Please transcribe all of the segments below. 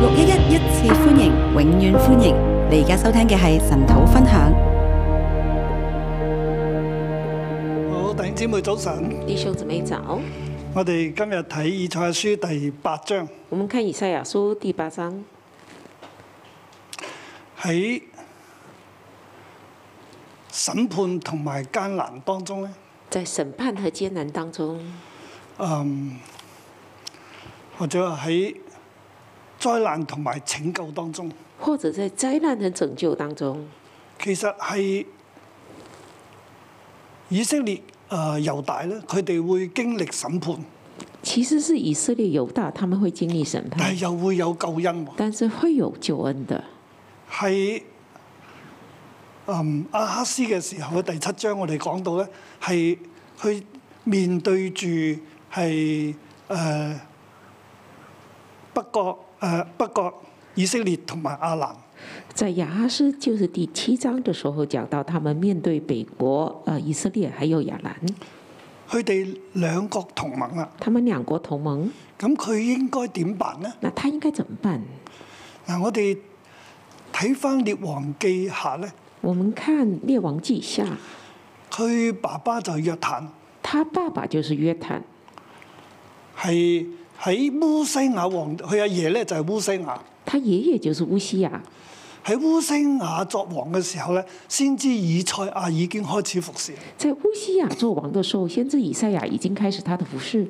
六一一一次歡迎，永遠歡迎！你而家收聽嘅係神土分享。好弟兄姊妹早晨，弟兄姊妹早。我哋今日睇以賽亞書第八章。我們看以賽亞書第八章。喺審判同埋艱難當中呢，在審判和艱難當中，嗯、um，或者喺。災難同埋拯救當中，或者在災難同拯救當中，其實係以色列啊猶大咧，佢哋會經歷審判。其實是以色列猶大，他們會經歷審判，但係又會有救恩。但是會有救恩的，係嗯阿哈斯嘅時候嘅第七章我，我哋講到咧，係佢面對住係誒北國。呃誒北國、以色列同埋亞蘭，在亞哈斯就是第七章嘅時候講到，他們面對北國，誒以色列還有亞蘭，佢哋兩國同盟啦。他們兩國同盟，咁佢應該點辦呢？嗱，他應該怎麼辦？嗱，我哋睇翻列王記下咧。我們看列王記下，佢爸爸就約坦，他爸爸就是約坦，係。喺烏西亞王，佢阿爺咧就係烏西亞。他爺爺就是烏西亞。喺烏西亞作王嘅時候咧，先知以賽亞已經開始服侍。在烏西亞作王嘅時候，先知以賽亞已經開始他的服侍。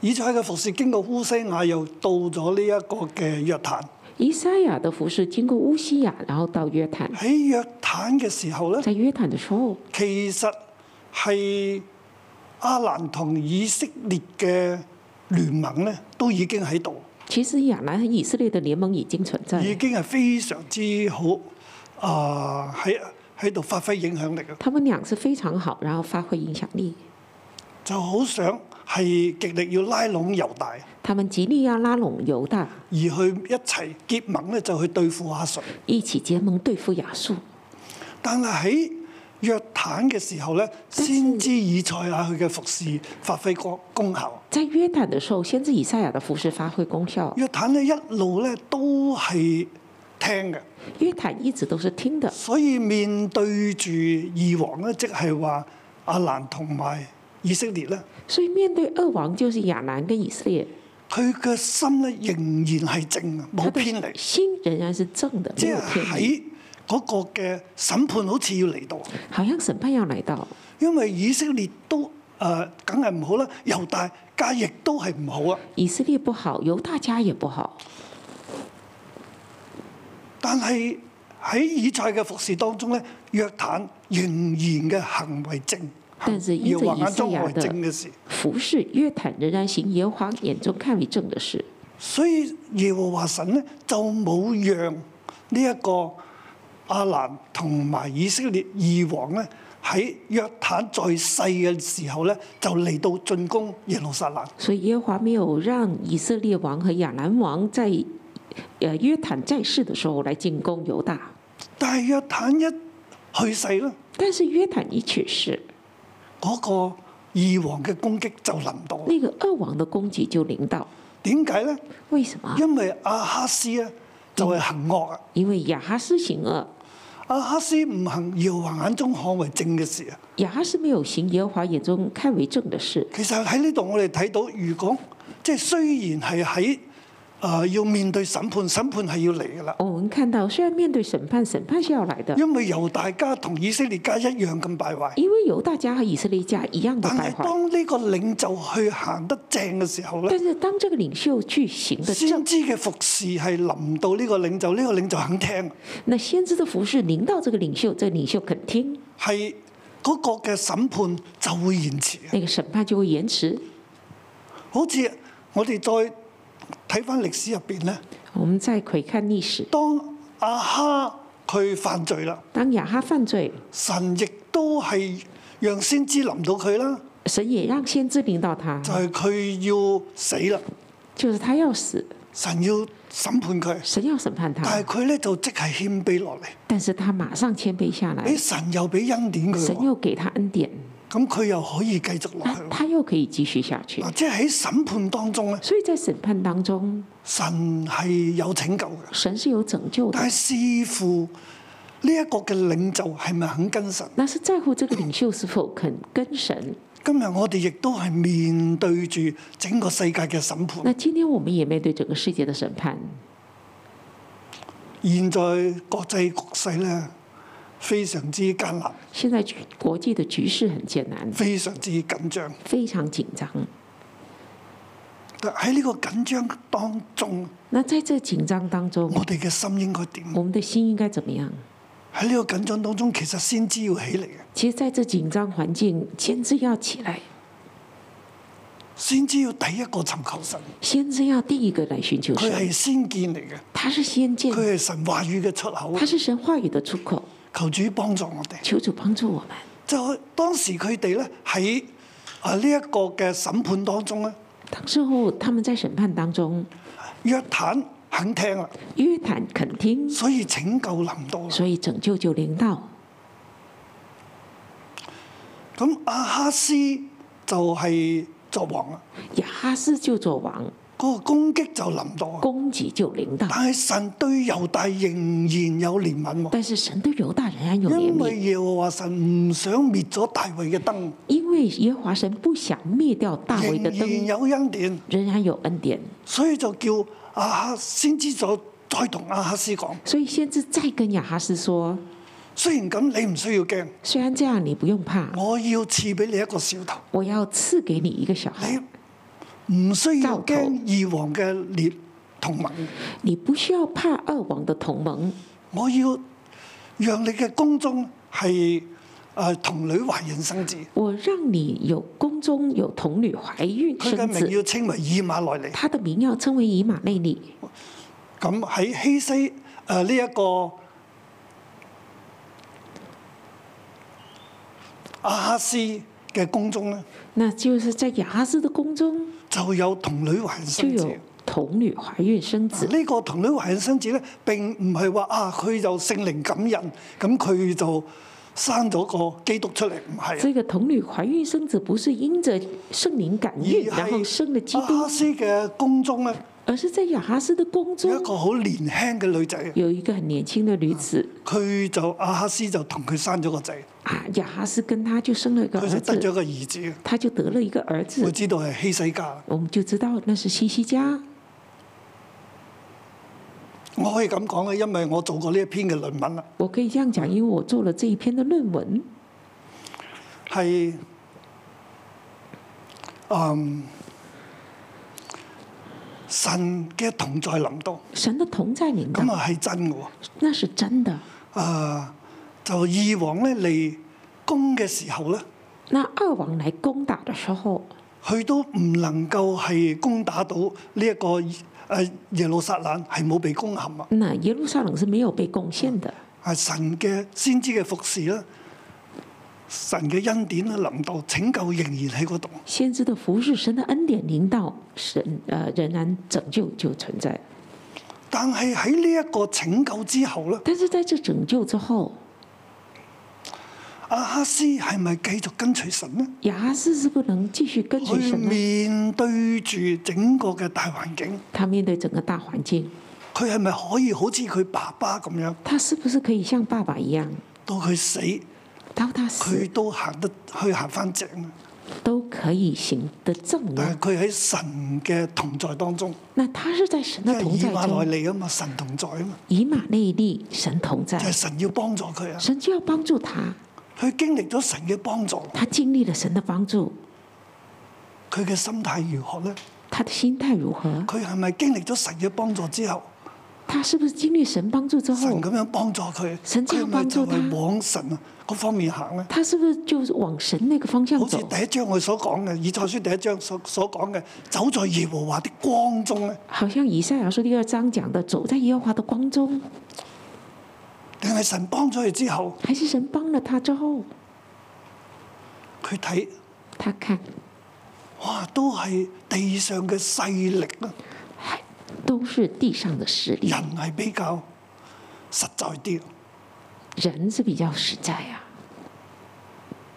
以賽嘅服侍經過烏西亞，又到咗呢一個嘅約坦。以賽亞的服侍經過烏西亞，亞西亞然後到約坦。喺約坦嘅時候咧，在約坦嘅時、時候，其實係阿蘭同以色列嘅。聯盟咧都已經喺度。其實亞蘭喺以色列嘅聯盟已經存在。已經係非常之好啊！喺喺度發揮影響力啊！他們兩是非常好，然後發揮影響力，就好想係極力要拉攏猶大。他們極力要拉攏猶大，而去一齊結盟咧，就去對付亞述，一起結盟對付亞述。但係喺約坦嘅時候咧，先知以賽亞佢嘅服侍發揮功功效。在約坦嘅時候，先知以賽亞的服侍發揮功效。在約坦咧一路咧都係聽嘅。約坦一直都是聽的。所以面對住二王咧，即係話阿蘭同埋以色列咧。所以面對二王，就是亞蘭跟以色列。佢嘅心咧仍然係正，冇偏離。心仍然是正的，即係喺……嗰、那個嘅審判好似要嚟到，好像審判要嚟到，因為以色列都誒梗係唔好啦，猶大家亦都係唔好啊。以色列不好，猶大家也不好。但係喺以賽嘅服侍當中咧，約坦仍然嘅行為正，但是喺耶和華眼中為正嘅事。事服侍約坦仍然係耶和華眼中為正嘅事。所以耶和華神呢，就冇讓呢、這、一個。亞蘭同埋以色列二王呢，喺約坦在世嘅時候呢，就嚟到進攻耶路撒冷。所以耶和華沒有讓以色列王和亞蘭王在誒約坦在世嘅時候嚟進攻猶大。但係約坦一去世咧。但是約坦一去世，嗰、那個二王嘅攻擊就臨到。呢、那個二王嘅攻擊就臨到。點解呢？為什麼？因為亞哈斯呢，就係行惡啊，因為亞哈斯行惡。亞哈斯唔行，耶和華眼中看為正嘅事啊！亞哈斯沒有行，耶和華眼中看為正嘅事。其實喺呢度我哋睇到，如果即係雖然係喺。啊！要面對審判，審判係要嚟㗎喇。我們看到，雖然面對審判，審判是要來的。因為由大家同以色列家一樣咁敗壞。因為由大家和以色列家一樣的敗壞。但係當呢個領袖去行得正嘅時候咧？但是當這個領袖去行，這個領袖去行得正。先知嘅服侍係臨到呢個領袖，呢、這個領袖肯聽。那先知的服侍領到這個領袖，這個領袖肯聽。係嗰、那個嘅審判就會延遲。那個審判就會延遲。好似我哋再。睇返歷史入邊咧，我們再回看歷史。當亞哈佢犯罪啦，當亞哈犯罪，神亦都係讓先知臨到佢啦。神也讓先知臨到他，就係佢要死啦。就是他要死。神要審判佢，神要審判他。但係佢咧就即係謙卑落嚟，但是他馬上謙卑下來。哎，神又俾恩典佢，神又給他恩典。咁佢又可以繼續落去。那他又可以繼續下去。啊、即係喺審判當中咧。所以在審判當中，神係有拯救嘅。神是有拯救嘅。但係視乎呢一個嘅領袖係咪肯跟神？那是在乎這個領袖是否肯跟神。今日我哋亦都係面對住整個世界嘅審判。那今天我們也面對整個世界的審判。現在國際局勢咧，非常之艱難。現在國際的局勢很艱難，非常之緊張，非常緊張。但喺呢個緊張當中，那在這緊張當中，我哋嘅心應該點？我們的心應該怎麼樣？喺呢個緊張當中，其實先知要起嚟嘅。其實，在這緊張環境，先知要起來。先知要第一個尋求神。先知要第一個來尋求神。佢係先見嚟嘅。他是先見。佢係神話語嘅出口。他是神話語的出口。求主幫助我哋。求主幫助我哋。就當時佢哋咧喺啊呢一個嘅審判當中咧。當時候，他們在審判當中，約坦肯聽啦。約坦肯聽。所以拯救林道。所以拯救就林道。咁亞哈斯就係作王啦。亞哈斯就作王。嗰、那個攻擊就臨到，攻擊就臨到。但係神對猶大仍然有憐憫喎。但是神對猶大仍然有憐憫。因為耶和華神唔想滅咗大衛嘅燈。因為耶和華神不想滅掉大衛嘅燈。仍然有恩典，仍然有恩典。所以就叫亞哈先知就再同亞哈斯講。所以先知再跟亞哈斯說，雖然咁你唔需要驚。雖然這樣你不用怕。我要賜俾你一個小頭。我要賜給你一個小孩。唔需要驚二王嘅列同盟，你不需要怕二王的同盟。我要讓你嘅宮中係誒童女懷孕生子。我讓你有宮中有童女懷孕生子。佢嘅名要稱為以馬內利，他的名要稱為以馬內利。咁喺希西誒呢一個亞哈斯嘅宮中呢，那就是在亞哈斯的宮中。就有童女，女懷孕生子。這個、童女懷孕生子呢個童女懷孕生子咧，並唔係話啊，佢有聖靈感孕，咁佢就生咗個基督出嚟，唔係、啊。呢、這個童女懷孕生子不是因着聖靈感孕，然後生了基督。亞哈斯嘅宮中咧。而是在雅哈斯的宮中。一個好年輕嘅女仔，有一個很年輕的女子，佢、啊、就雅哈斯就同佢生咗個仔。啊，雅哈斯跟他就生咗個兒子，佢就得咗個兒子，他就得了一個兒子。我知道係希西家，我們就知道那是希西家。我可以咁講嘅，因為我做過呢一篇嘅論文啦。我可以這樣講，因為我做了這一篇嘅論文。係，嗯。神嘅同在林多，神嘅同在林多，咁啊係真嘅喎、哦，那是真的。啊，就二王咧嚟攻嘅時候咧，那二王嚟攻打嘅時候，佢都唔能夠係攻打到呢一個誒耶路撒冷係冇被攻陷啊。那耶路撒冷是沒有被攻陷嘅，係、啊、神嘅先知嘅服侍啦。神嘅恩典咧，臨到拯救，仍然喺嗰度。先知道服侍神嘅恩典臨到，神誒仍然拯救就存在。但係喺呢一個拯救之後咧，但是在這拯救之後，亞哈斯係咪繼續跟隨神咧？亞哈斯是不能繼續跟隨神。面對住整個嘅大環境，他面對整個大環境，佢係咪可以好似佢爸爸咁樣？他是不是可以像爸爸一樣到佢死？佢都行得，去行翻正都可以行得正。但係佢喺神嘅同在當中。那他是在神的同在中。即係以馬內利啊嘛，神同在啊嘛。以馬內利，神同在。就係、是、神要幫助佢啊。神就要幫助他。佢經歷咗神嘅幫助。他經歷了神的幫助。佢嘅心態如何咧？他的心態如何？佢係咪經歷咗神嘅幫助之後？他是不是經歷神幫助之後？神咁樣幫助佢，佢咪就係往神啊嗰方面行咧？他是不是就往神那個方向走？好似第一章佢所講嘅《以賽書》第一章所所講嘅，走在耶和華的光中咧。好像《以賽亞書》第二章講的，走在耶和華的光中，定係神幫咗佢之後？還是神幫咗他之後？佢睇，他看，哇，都係地上嘅勢力啊！都是地上的實力。人係比較實在啲。人是比較實在啊。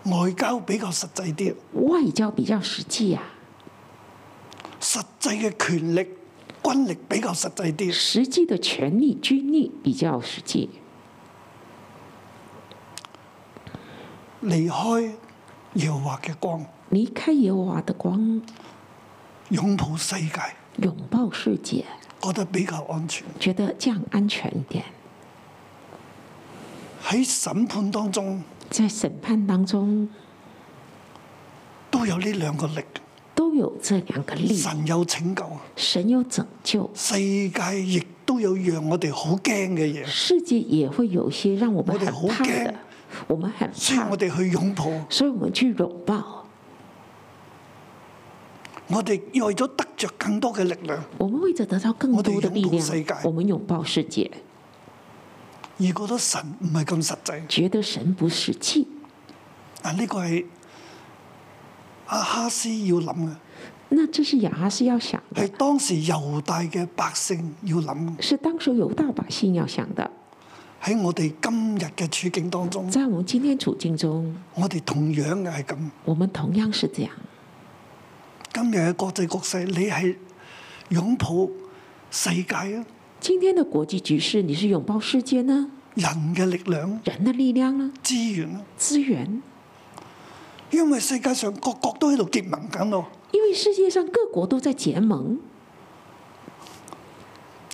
外交比較實際啲。外交比較實際啊。實際嘅權力、軍力比較實際啲。實際嘅權力、軍力比較實際。離開耀華嘅光。離開耀華嘅光，擁抱世界。擁抱世界，覺得比較安全，覺得這樣安全一點。喺審判當中，在審判當中都有呢兩個力，都有這兩個力。神有拯救，神有拯救，世界亦都有讓我哋好驚嘅嘢。世界也會有些讓我們很怕的，我們很怕。所以我哋去擁抱，所以我們去擁抱。我哋為咗得着更多嘅力量，我哋為咗得到更多嘅力量，我們擁抱世界。我們擁抱世界。如果咗神唔係咁實際，覺得神不實際。嗱，呢個係阿哈斯要諗嘅。那這是亞哈斯要想嘅。係當時猶大嘅百姓要諗。是當時猶大百姓要想嘅。喺我哋今日嘅處境當中，在我們今天處境中，我哋同樣嘅係咁。我們同樣是這樣。今日嘅國際局勢，你係擁抱世界啊！今天的國際局勢，你是擁抱世界呢、啊？人嘅力量、啊，人嘅力量呢、啊？資源啊！資源、啊，因為世界上各國都喺度結盟緊、啊、咯。因為世界上各國都在結盟。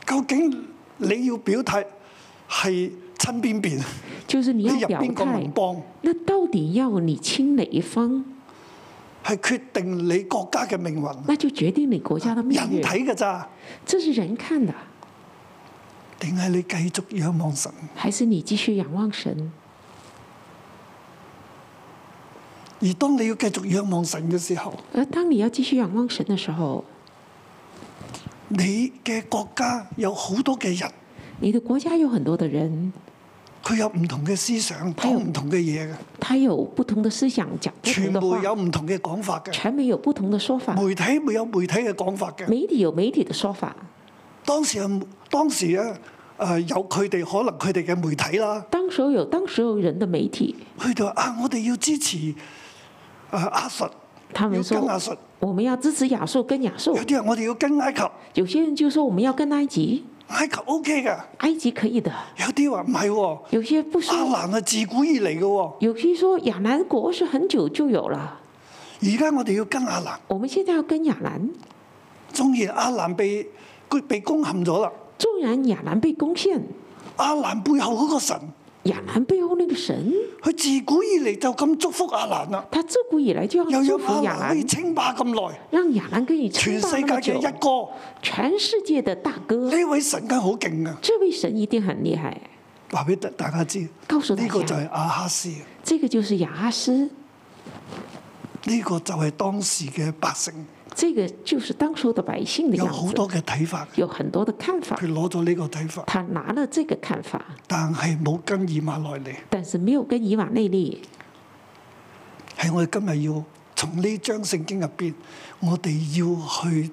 究竟你要表態係親邊邊？就是你要表態，那到底要你親哪一方？係決定你國家嘅命運。那就決定你國家嘅命運。人睇嘅咋？這是人看的。定係你繼續仰望神？還是你繼續仰望神？而當你要繼續仰望神嘅時候，而當你要繼續仰望神嘅時候，你嘅國家有好多嘅人，你嘅國家有很多嘅人。佢有唔同嘅思想，講唔同嘅嘢嘅。他有不同嘅思想，講。全部有唔同嘅講法嘅。全部有不同的說法的。媒體沒有媒體嘅講法嘅。媒體有媒體的說法。當時啊，當時咧，誒有佢哋可能佢哋嘅媒體啦。當時有當時有，當時有人的媒體佢就話啊，我哋要支持誒阿術，他們說阿術、啊，我們要支持亞述跟亞述。有啲人我哋要跟埃及，有些人就說我們要跟埃及。埃及 OK 噶，埃及可以的。有啲話唔係喎，有些不說。阿蘭係自古以嚟嘅喎。有些說亞蘭國是很久就有了。而家我哋要跟阿蘭。我們現在要跟亞蘭。縱然阿蘭被佢被攻陷咗啦。縱然亞蘭被攻陷，阿蘭背後嗰個神。亞蘭背後那個神。佢自古以嚟就咁祝福阿蘭啦。他自古以來就要祝福亞蘭。又有亞蘭可以稱霸咁耐。讓亞蘭可以稱霸那麼久。全世界就一個，全世界的大哥。呢位神家好勁啊！這位神一定很厲害。話俾大大家知，呢個這個就係亞哈斯。這個就是亞哈斯。呢個這個就係當時嘅百姓。這個就是當初的百姓，有好多嘅睇法，有很多的看法。佢攞咗呢個睇法，他拿了這個看法，但係冇跟以馬內利。但是沒有跟以馬內利，係我哋今日要從呢張聖經入面，我哋要去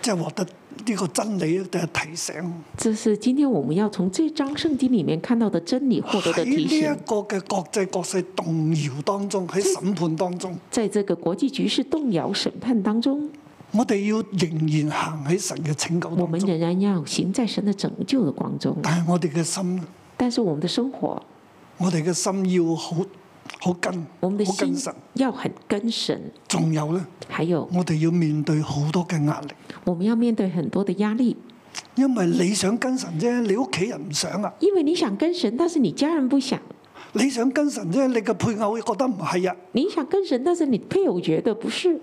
即係、就是、獲得。呢、這個真理啊，定係提醒。這是今天我們要從這張聖經裏面看到的真理，獲得的提醒。呢一個嘅國際局勢動搖當中，喺審判當中。在這個國際局勢動搖審判當中，我哋要仍然要行喺神嘅拯救。我們仍然要行在神嘅拯救嘅光中。但係我哋嘅心，但是我們嘅生活，我哋嘅心要好好跟，我們的心要很，很，跟，心很跟神。仲有咧，還有，我哋要面對好多嘅壓力。我們要面對很多的壓力，因為你想跟神啫，你屋企人唔想啊。因為你想跟神，但是你家人不想。你想跟神啫，你嘅配偶會覺得唔係啊。你想跟神，但是你配偶覺得不是。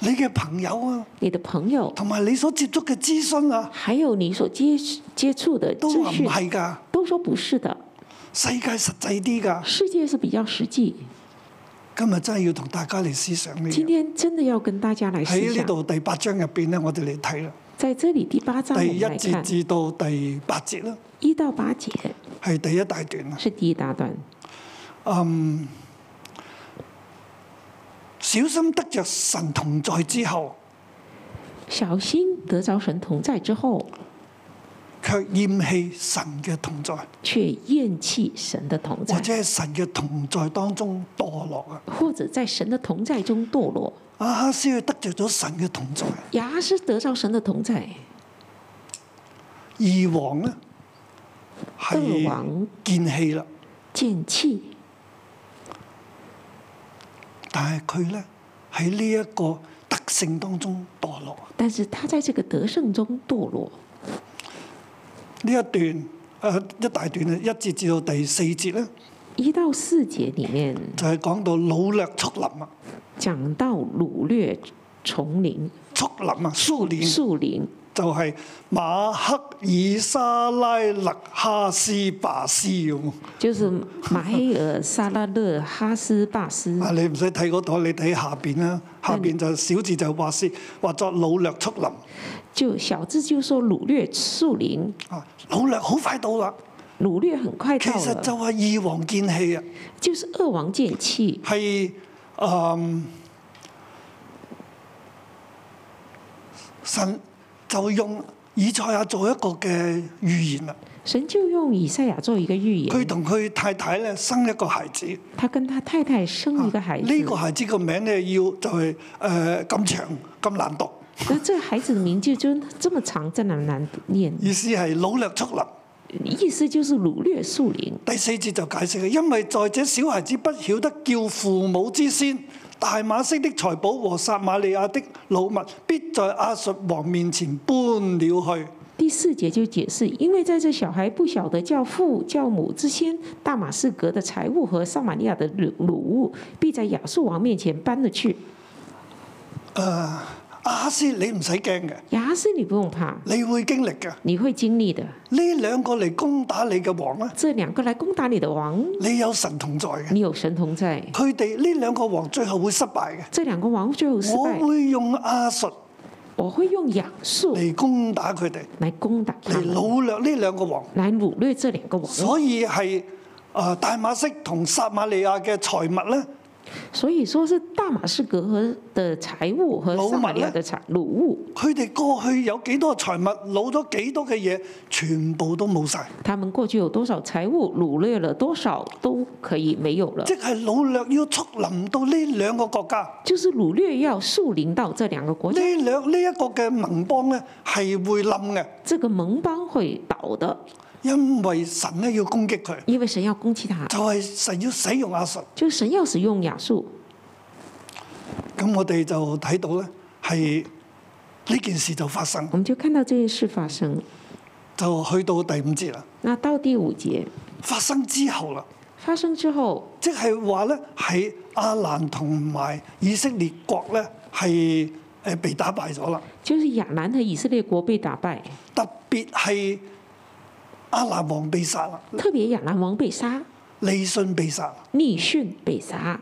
你嘅朋友啊，你嘅朋友，同埋你所接觸嘅資訊啊，還有你所接接觸的，都話唔係噶，都說不是的。世界實際啲噶，世界是比較實際的。今日真係要同大家嚟思想呢、這個。今天真的要跟大家嚟思想。喺呢度第八章入邊呢，我哋嚟睇啦。在這裏第八章，第八章。第一節至到第八節啦。一到八節。係第一大段啦。是第一大段。嗯，um, 小心得着神同在之後。小心得着神同在之後。卻厭棄神嘅同在，卻厭棄神的同在，或者係神嘅同在當中墮落啊！或者在神嘅同在中墮落，啊，阿哈斯得着咗神嘅同在，也是得到神嘅同在。二王呢？二王見氣啦，見氣，但係佢呢，喺呢一個得勝當中墮落，但是他在這個得勝中墮落。呢一段、啊，一大段一節至到第四節咧。一到四節裡面就係、是、講到擄掠叢林啊。講到擄掠叢林。叢林啊，樹林。樹林就係、是、馬克爾沙拉勒哈斯巴斯。 就是馬希爾沙拉勒哈斯巴斯。啊，你唔使睇嗰度，你睇下邊啦。下邊就小字就話是話作努略速林。就小字就說努略速林。啊，努略好快到啦。努略很快到。其實就係二王劍氣啊。就是二王劍氣。係，嗯，神。就用以賽亞做一個嘅預言。神就用以賽亞做一個預言。佢同佢太太咧生一個孩子。他跟他太太生一個孩子。呢、啊，這個孩子個名咧要就係誒咁長咁難讀。咁，這個孩子名字就這麼長，真係難念。 意思係擄掠樹林。意思就是擄掠樹年」。第四節就解釋啦，因為在這小孩子不曉得叫父母之先。大馬色的財寶和撒瑪利亞的擄物，必在亞述王面前搬了去。第四節就解釋，因為在這小孩不曉得叫父叫母之前，大馬士革的財物和撒瑪利亞的擄物，必在亞述王面前搬了去。啊。亞斯，你唔使驚嘅。亞斯，你不用怕。你會經歷嘅。你會經歷的。呢兩個嚟攻打你嘅王啦。這兩個嚟攻打你嘅王。你有神同在嘅。你有神同在。佢哋呢兩個王最後會失敗嘅。這兩個王最後失敗。我會用亞術，我會用亞述嚟攻打佢哋。嚟攻打佢哋，嚟攔掠呢兩個王。嚟攔掠這兩個王。所以係啊、呃，大馬色同撒瑪利亞嘅財物咧。所以，說是大馬士革的財物和撒瑪利亞的財擄物，佢哋過去有幾多財物，擄咗幾多嘅嘢，全部都冇晒。他們過去有多少財物，財務擄掠了多少都可以沒有了。即係擄掠要促臨到呢兩個國家，就是擄掠要樹林到這兩個國家。呢兩呢一個嘅盟邦咧，係會冧嘅。這個盟邦會倒的。因為神咧要攻擊佢，因為神要攻擊他，就係、是、神要使用亞述。就神要使用亞述。咁我哋就睇到咧，係呢件事就發生。我們就看到是這件事發生。就去到第五節啦。那到第五節發生之後啦。發生之後，即係話咧，喺亞蘭同埋以色列國咧，係誒被打敗咗啦。就是亞蘭喺以色列國被打敗。特別係。阿南王被殺了，特別阿南王被殺，李信被殺了，李信被殺。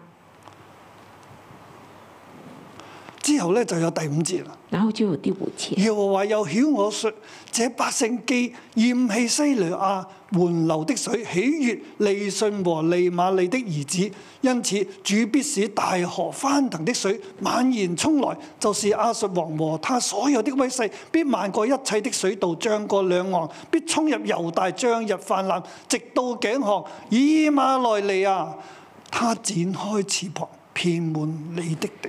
之後呢，就有第五節啦。然後就有第五節。耶和華又曉我説：這百姓既厭棄西羅亞緩流的水，喜悅利汛和利瑪利的兒子。因此主必使大河翻騰的水猛然衝來，就是亞述王和他所有的威勢，必漫過一切的水道，漲過兩岸，必衝入猶大，漲溢泛濫，直到頸項。以馬內利啊，他展開翅膀，遍滿你的地。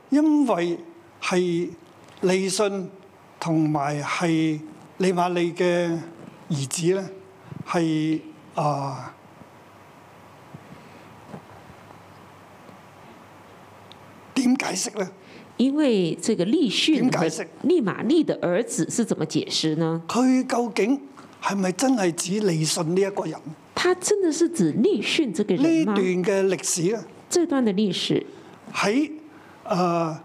因為係利信同埋係利瑪利嘅兒子咧，係啊點解釋咧？因為這個利信點解釋？利瑪利嘅兒子是怎麼解釋呢？佢究竟係咪真係指利信呢一個人？他真的是指利信這個人嗎？呢段嘅歷史啊，呢段嘅歷史喺。誒、uh，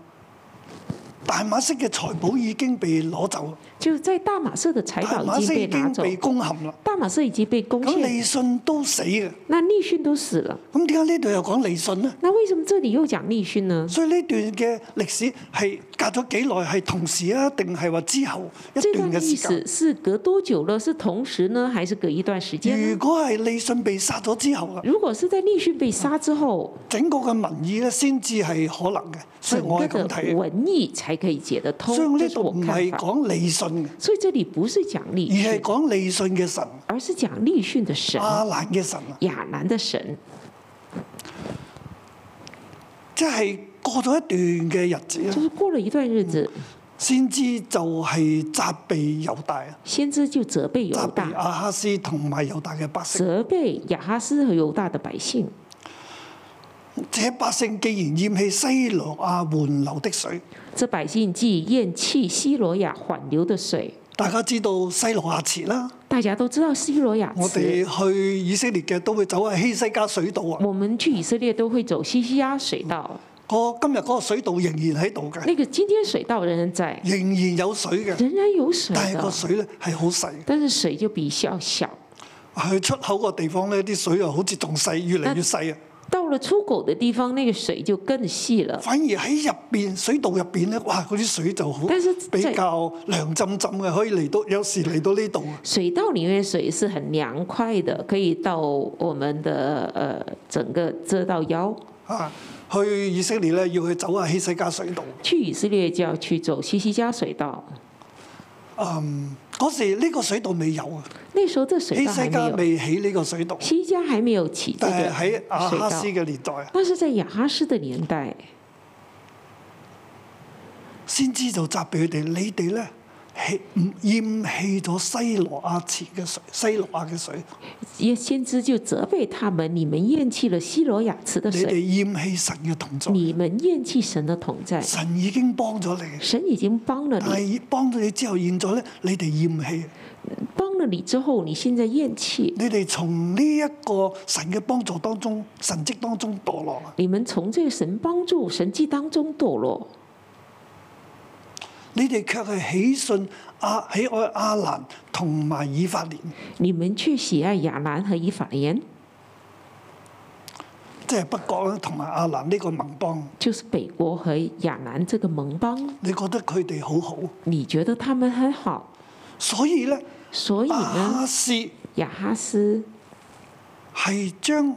大馬色嘅財寶已經被攞走了。就在大馬士的財寶已經被拿走，已經被攻陷啦、哦。大馬士已經被攻陷。咁李信都死嘅，那李信都死了。咁點解呢度又講李信呢？那為什麼這裡又講李信呢？所以呢段嘅歷史係隔咗幾耐係同時啊，定係話之後一段嘅時間？呢段歷史是隔多久咧？是同時呢，還是隔一段時間？如果係李信被殺咗之後啊，如果是在李信被殺之後，嗯、整個嘅民意咧先至係可能嘅。所以我咁睇，文意才可以解得通。所以呢度唔係講李信。就是所以這裏不是講利汛，而是講利汛嘅神，而是講利汛的神亞蘭嘅神，亞蘭的神，即係過咗一段嘅日子，就是過了一段日子，嗯，先知就係責備猶大啊，先知就責備猶大亞哈斯同埋猶大嘅百姓，責備亞哈斯和猶大，大的百姓。這百姓既然厭棄西羅亞緩流的水，這百姓既厭棄西羅亞緩流的水。大家知道西羅亞池啦，大家都知道西羅亞。我哋去以色列嘅都會走喺希西家水道啊。我們去以色列都會走希西家水道。嗰今日嗰個水道仍然喺度嘅。呢個今天水道仍然在，仍然有水嘅，仍然有水。但係個水咧係好細。但是水就比較小。去出口個地方咧，啲水啊，好似仲細，越嚟越細啊。到了出口的地方，那個水就更細了。反而喺入邊水道入邊呢，哇！嗰啲水就好，但是比較涼浸浸嘅，可以嚟到，有時嚟到呢度。水道裡面嘅水是很涼快的，可以到我們的呃整個遮到腰。啊，去以色列咧，要去走阿希西加水道。去以色列就要去走西西加水道。嗯，嗰時呢個水道未有啊，喺西家未起呢個水道，西家還沒有起，但係喺亞哈斯嘅年代，但是在亞哈斯的年代先知道責備佢哋，你哋呢？棄唔厭棄咗西羅亞池嘅水，西羅亞嘅水。耶先知就責備他們：你們厭棄了西羅亞池嘅水。你哋厭棄神嘅同在。你們厭棄神的同在。神已經幫咗你。神已經幫了你。但係幫咗你之後，現在咧，你哋厭棄。幫了你之後，你現在厭棄。你哋從呢一個神嘅幫助當中，神蹟當中墮落了。你們從這個神幫助神蹟當中墮落。你哋卻係喜信阿喜愛亞蘭同埋以法蓮，你們卻喜愛亞蘭和以法蓮，即係北國啦，同埋亞蘭呢個盟邦。就是北國和亞蘭這個盟邦。你覺得佢哋好好？你覺得他們很好？所以呢，所以呢，亞哈斯亞哈斯係將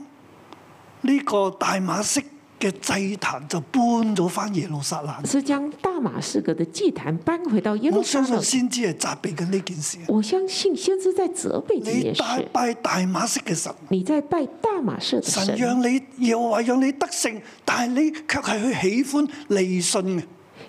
呢個大馬色。嘅祭壇就搬咗返耶路撒冷，是將大馬士革的祭壇搬回到耶路撒冷。我相信先知係責備緊呢件事。我相信先知在責備呢件事。你拜大馬色嘅神，你在拜大馬色嘅神。神讓你，耶和華讓你得勝，但係你卻係去喜歡利汛嘅。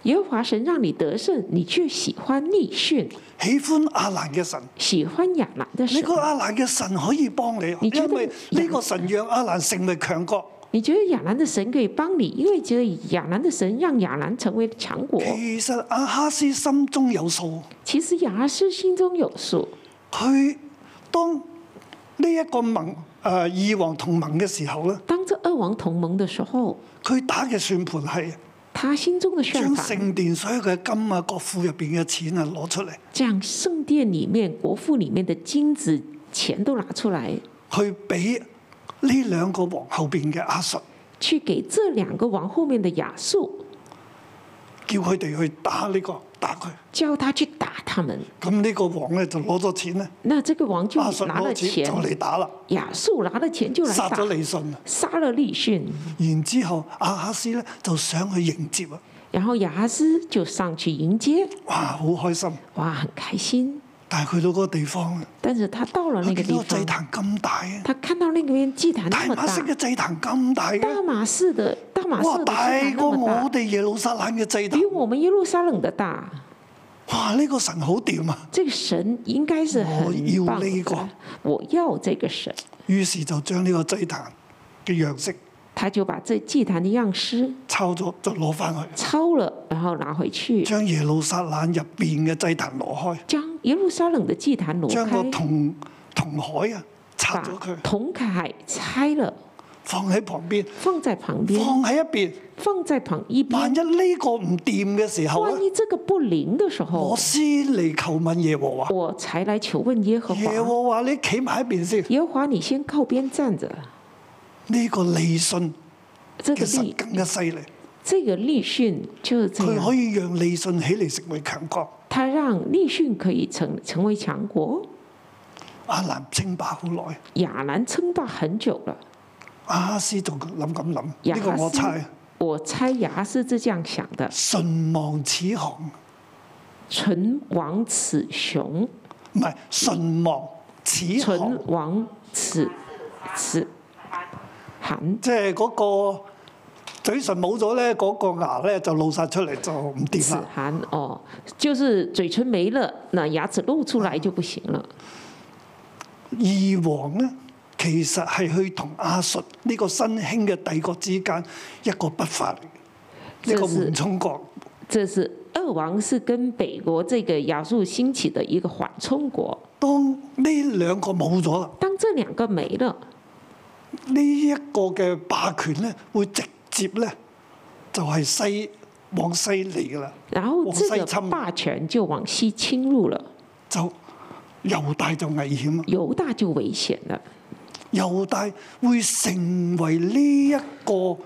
耶華神讓你得勝，你卻喜歡利汛。喜歡亞蘭嘅神，喜歡亞蘭嘅神。呢、那個亞蘭嘅神可以幫你，你因為呢個神讓亞蘭成為強國。你覺得亞蘭的神可以幫你，因為其實亞蘭的神讓亞蘭成為強國。其實阿哈斯心中有數。其實亞斯心中有數。佢當呢一個盟，誒二王同盟嘅時候咧，當咗二王同盟的時候，佢打嘅算盤係，他心中的算盤，將聖殿所有嘅金啊、國庫入邊嘅錢啊攞出嚟，將聖殿裏面國庫裏面的金子錢都拿出嚟，去俾。呢兩個王後邊嘅亞述，去給這兩個王後面的亞述，叫佢哋去打呢、這個打佢。叫他去打他們。咁、這、呢個王呢，就攞咗錢呢，那這個王就拿了錢就嚟打啦。亞述拿了錢就嚟打。殺咗利順。殺了利順。然之後，亞哈斯呢，就上去迎接啊。然後亞哈斯就上去迎接。哇，好開心。哇，很開心。但係去到嗰個地方，但是他到了呢個地方，祭壇咁大啊！他看到呢個祭壇，大馬士嘅祭壇咁大，大馬士嘅祭壇咁大，大馬士的大馬士嘅大，哇！大過我哋耶路撒冷嘅祭壇，比我們耶路撒冷嘅大。哇！呢、這個神好掂啊！呢、這個神應該是我要呢個，我要呢個神。於是就將呢個祭壇嘅樣式。他就把這祭壇的樣式抄咗，就攞翻去。抄了，然後拿回去。將耶路撒冷入邊嘅祭壇挪開。將耶路撒冷嘅祭壇挪開。將個銅銅海啊拆咗佢。銅海拆了，拆了放喺旁邊。放喺旁邊。放喺一邊。放在旁一邊。萬一呢個唔掂嘅時候，萬一呢個不靈嘅時候，我先嚟求問耶和華。我才嚟求問耶和華。耶和華你企埋一邊先。耶和華你先靠邊站着。呢、這個利汛其實更加犀利。呢、這個利汛、這個、就佢可以讓利汛起嚟成為強國。他讓利汛可以成成為強國。阿蘭稱霸好耐。亞蘭稱霸很久了。亞哈斯仲諗咁諗？呢、這個我猜。我猜亞哈斯是這樣想嘅。唇亡齒雄，唇亡齒雄。唔係唇亡齒雄。唇亡齒齒。齒即係嗰個嘴唇冇咗咧，嗰個牙咧就露晒出嚟就唔掂啦。哦，就是嘴唇沒了，那個、牙齒露出來就不行了、呃。二王呢，其實係去同阿述呢、這個新興嘅帝國之間一個不法，一個緩衝國。這是二王是跟北國這個亞述興起的一個緩衝國。當呢兩個冇咗，當這兩個沒了。呢、這、一個嘅霸權咧，會直接咧就係西往西嚟㗎喇，往西然後霸權就往西侵入了，就猶大就危險啊！猶大就危險啦！猶大會成為呢一個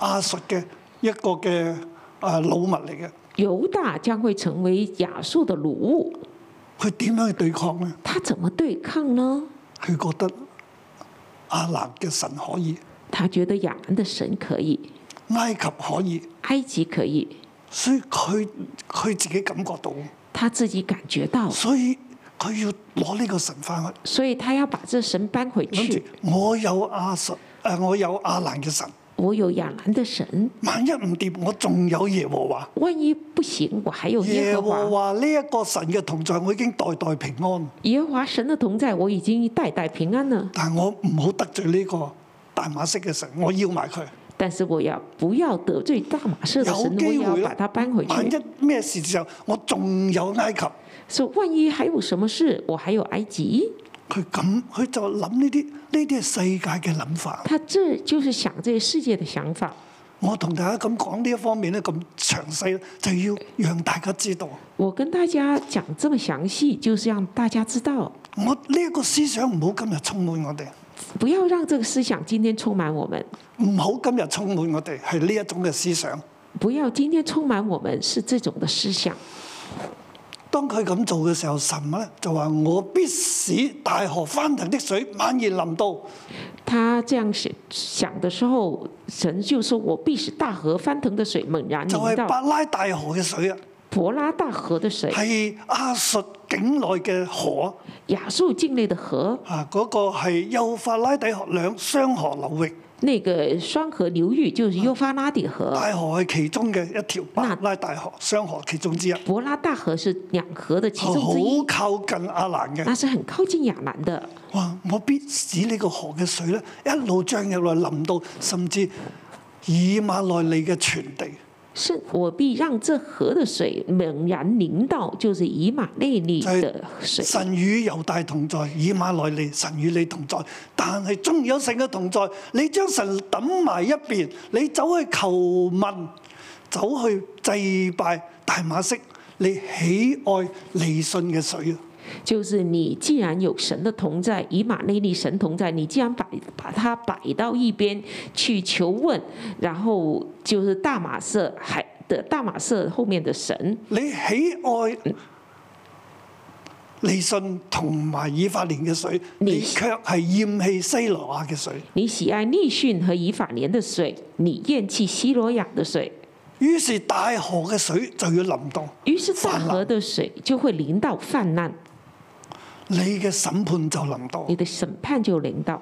亞述嘅一個嘅啊奴物嚟嘅。猶大將會成為亞述的奴。佢點樣去對抗咧？他怎麼對抗呢？佢覺得。阿蘭嘅神可以，他覺得雅蘭嘅神可以，埃及可以，埃及可以，所以佢佢自己感覺到，他自己感覺到，所以佢要攞呢個神翻去，所以他要把這神搬回去。我有阿神，誒、呃、我有阿蘭嘅神。我有亞蘭的神，萬一唔掂，我仲有耶和華。萬一不行，我還有耶和華。耶和華呢一個神嘅同在，我已經代代平安。耶華神嘅同在，我已經代代平安了。但係我唔好得罪呢個大馬色嘅神，我要埋佢。但是我要不要得罪大馬色嘅神？有機會把他搬回去。萬一咩事上，我仲有埃及。所、so, 以萬一還有什麼事，我還有埃及。佢咁，佢就諗呢啲呢啲世界嘅諗法。他這就是想這個世界的想法。我同大家咁講呢一方面咧，咁詳細，就要讓大家知道。我跟大家講咁詳細，就是讓大家知道。我呢一個思想唔好今日充滿我哋。不要讓這個思想今天充滿我們。唔好今日充滿我哋係呢一種嘅思想。不要今天充滿我們是這種嘅思想。當佢咁做嘅時候，神咧就話：我必使大河翻騰的水猛然淋到。他這樣想想的時候，神就說：我必使大河翻騰的水猛然淋到。就係伯拉大河嘅水啊！伯、就是、拉大河嘅水係亞述境內嘅河。亞述境內嘅河啊，嗰、那個係幼發拉底河兩雙河流域。那個雙河流域就是幼發拉底河，大河係其中嘅一條，伯拉大河，雙河其中之一。伯拉大河是兩河嘅其中之一，好靠近亞蘭嘅，那是很靠近亞蘭嘅。哇！我必使呢個河嘅水咧，一路漲入來淋到，甚至以馬內利嘅全地。是，我必讓這河的水猛然凝到，就是以馬內利的水。就是、神與猶大同在，以馬內利，神與你同在。但係，中有神嘅同在，你將神抌埋一邊，你走去求問，走去祭拜大馬色，你喜愛利信嘅水。就是你既然有神的同在，以馬內利神同在，你既然擺把它擺到一邊去求問，然後就是大馬色海的大馬色後面的神。你喜愛利汛同埋以法蓮嘅水，你卻係厭棄西羅亞嘅水。你喜愛利汛和以法蓮嘅水，你厭棄西羅亞嘅水。於是大河嘅水就要淋到，於是大河嘅水就會淋，淋，淋到氾濫。你嘅審判就領到，你哋審判就領導。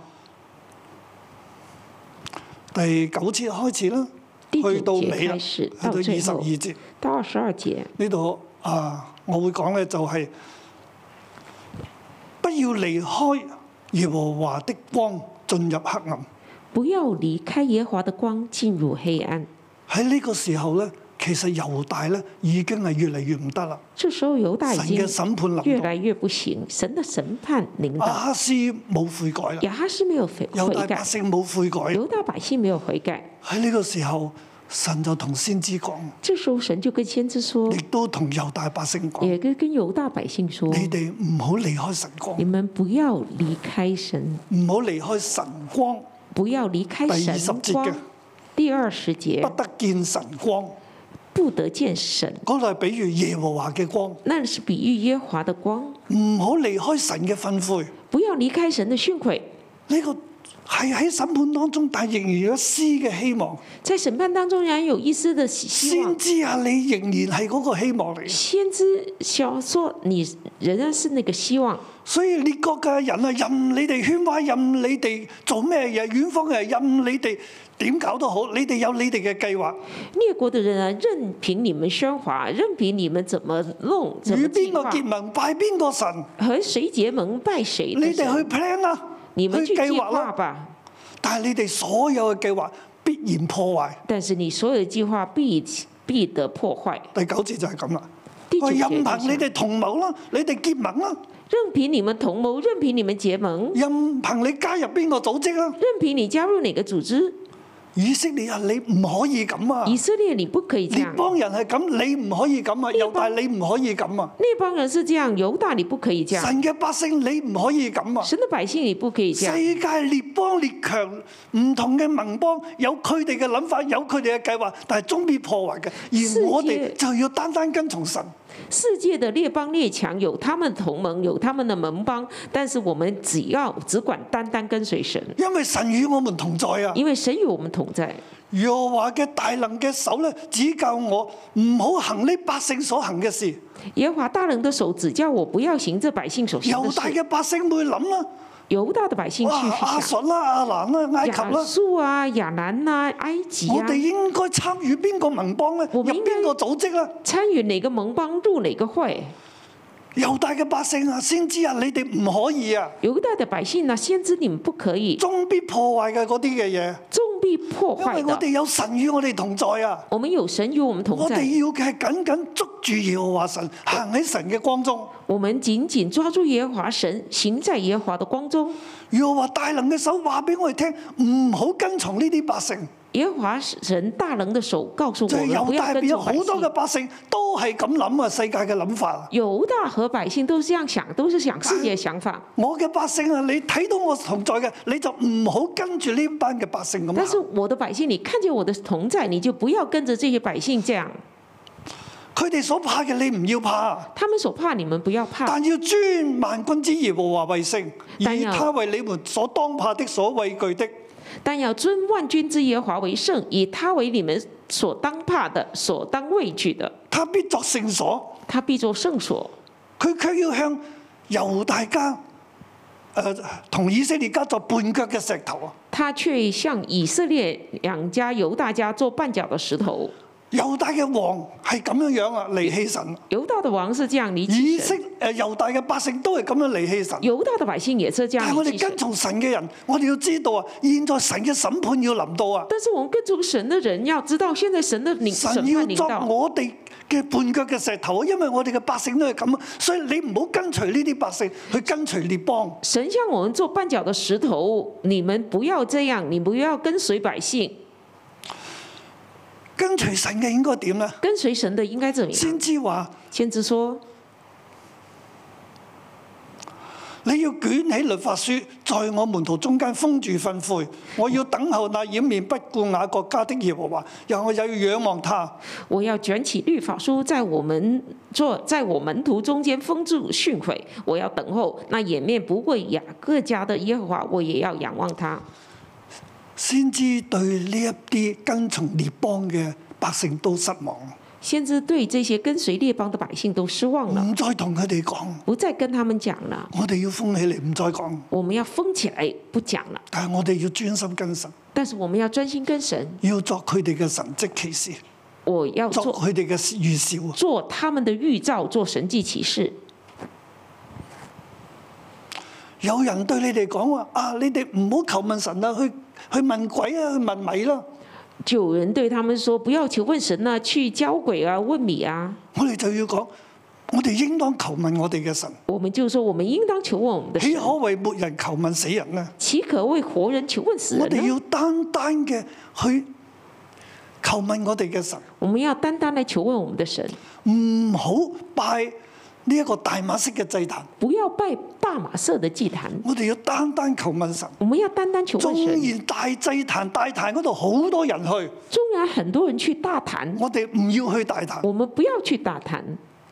第九節開始啦，去到尾，去到二十二節，到二十二節呢度啊，我會講咧就係、是、不要離開耶和華的光，進入黑暗。不要離開耶和華的光，進入黑暗。喺呢個時候咧。其實猶大咧已經係越嚟越唔得啦。這時候猶大已經越來越不行。神的審判臨到。亞哈斯冇悔改。亞哈斯沒有悔改。猶大百姓冇悔改。猶大百姓沒有悔改。喺呢個時候，神就同先知講。這時候神就跟先知說。亦都同猶大百姓講。也跟跟猶大百姓說。你哋唔好離開神光。你們不要離開神。唔好離開神光。不要離開神光。第二十節嘅。第二十節。不得見神光。不得見神，嗰度比喻耶和華嘅光；那是比喻耶和華的光。唔好離開神嘅訓悔，不要離開神嘅訓悔。呢、這個係喺審判當中，但係仍然有一絲嘅希望。在審判當中，仍有一絲嘅希望。先知啊，你仍然係嗰個希望嚟。先知想說，你仍然是那個希望。所以你國嘅人啊，任你哋喧譁，任你哋做咩嘢，遠方嘅人任你哋。點搞都好，你哋有你哋嘅計劃。列國嘅人啊，任憑你們喧譁，任憑你們怎麼弄，怎麼計劃。與邊個結盟，拜邊個神。和誰結盟，拜誰？你哋去 plan 啦，去計劃啦。但係你哋所有嘅計劃必然破壞。但是你所有嘅計劃必必得破壞。第九節就係咁啦。任憑你哋同謀啦，你哋結盟啦。任憑你們同謀，任憑你們結盟。任憑你加入邊個組織啦？任憑你加入哪個組織？以色列啊，你唔可以咁啊！以色列你不可以這樣啊。列邦人係咁，你唔可以咁啊！猶大你唔可以咁啊！列邦人是這樣，猶大你不可以這樣。神嘅百姓你唔可以咁啊！神的百姓你不可以這樣啊。世界列邦列強唔同嘅盟邦有佢哋嘅諗法，有佢哋嘅計劃，但係終必破壞嘅。而我哋就要單單跟從神。世界的列邦列強有他們同盟，有他們的盟邦，但是我們只要只管單單跟隨神。因為神與我們同在啊！因為神與我們同在。耶和華嘅大能嘅手咧，指教我唔好行呢百姓所行嘅事。耶和華大能的手指教我不要行這百姓所行嘅事。有大嘅百姓會諗啦。猶大的百姓去分享。亞述啦、亞蘭啦、埃及啦、啊啊啊。我哋應該參與邊個盟邦咧？入邊個組織咧？參與哪個盟邦，哪個盟邦入哪個會？猶大嘅百姓啊，先知啊，你哋唔可以啊！猶大的百姓啊，先知，你們不可以啊。終必破壞嘅嗰啲嘅嘢。終必破壞的。因為我哋有神與我哋同在啊！我們有神與我們同在。我哋要嘅係緊緊捉住耶和華神，行喺神嘅光中。我們緊緊抓住耶和華神，行在耶和華的光中。耶和華大能嘅手話俾我哋聽，唔好跟從呢啲百姓。耶和華大能的手告訴我，不要跟住百姓。有代表好多嘅百姓都係咁諗啊，世界嘅諗法。有大和百姓都，這樣，都這樣想，都是想世界嘅想法。我嘅百姓啊，你睇到我同在嘅，你就唔好跟住呢班嘅百姓咁樣，但是我的百姓，你看見我的同在，你就不要跟着這些百姓這樣，佢哋所怕嘅，你唔要怕。他們所怕，你們不要怕。但要尊萬軍之耶和華為聖，以他為你們所當怕的、所畏懼的。但要尊萬軍之耶華為聖，以他為你們所當怕的、所當畏懼的。他必作聖所。他必作聖所。他卻要向猶大家、呃，同以色列家做絆腳的石頭啊！他卻向以色列兩家猶大家做絆腳的石頭。猶大嘅王係咁樣樣啊，離棄神。猶大的王是這樣離棄以色列，誒，猶大嘅百姓都係咁樣離棄神。猶大的百姓也是這樣。但我哋跟從神嘅人，我哋要知道啊，現在神嘅審判要臨到啊。但是我們跟從神嘅人要知道，現在神嘅審判，神要作我哋嘅絆腳嘅石，石頭，因為我哋嘅百姓都係咁，所以你唔好跟隨呢啲百姓去跟隨列邦。神叫我們做絆腳嘅石頭，你們不要這樣，你不要跟隨百姓。跟隨神嘅應該點咧？跟隨神的應該點？先知話，先知說：你要捲起律法書，在我門徒中間封住訓誨。我要等候那掩面不顧雅各家的耶和華，然後我又要仰望他。我要捲起律法書，在我們做，在我門徒中間封住訓誨。我要等候那掩面不顧雅各家的耶和華，我也要仰望他。先知對呢一啲跟從列邦嘅百姓都失望。先知對這些跟隨列邦的百姓都失望了。唔再同佢哋講。唔再跟他們講啦。我哋要封起嚟，唔再講。我們要封起來，不講了。但係我哋要專心跟神。但是我哋要專心跟神。要做佢哋嘅神跡奇事。我要做佢哋嘅預兆，做他們嘅預兆，做神迹奇事。有人對你哋講話啊，你哋唔好求問神啊，去。去問鬼啊，去問米咯、啊！就有人對他們說：不要求問神啊，去交鬼啊，問米啊！我哋就要講，我哋應當求問我哋嘅神。我們就說，我們應當求問我們的神。豈可為活人求問死人呢？豈可為活人求問死人？我哋要單單嘅去求問我哋嘅神。我們要單單嚟求問我們的神，唔好拜呢一個大馬色嘅祭壇，不要拜。大馬色的祭壇，我哋要單單求問神。我們要單單求問神。中原大祭壇、大壇嗰度好多人去，中原很多人去大壇。我哋唔要去大壇。我們不要去大壇。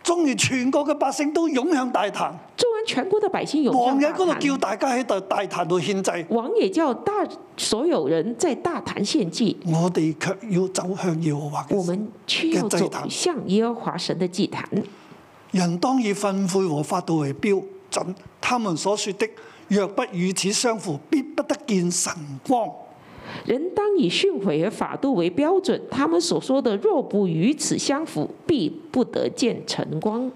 中原全國嘅百姓都湧向大壇。中原全國嘅百姓湧向大壇。王爺嗰度叫大家喺度大壇度獻祭。王爺叫大所有人在大壇獻祭。我哋卻要走向耶和華祭壇。我們需要走向耶和華神嘅祭壇。人當以憤悔和法度為標準。他們所說的，若不與此相符，必不得見晨光。人當以訓誨和法度為標準。他們所說的，若不與此相符，必不得見晨光。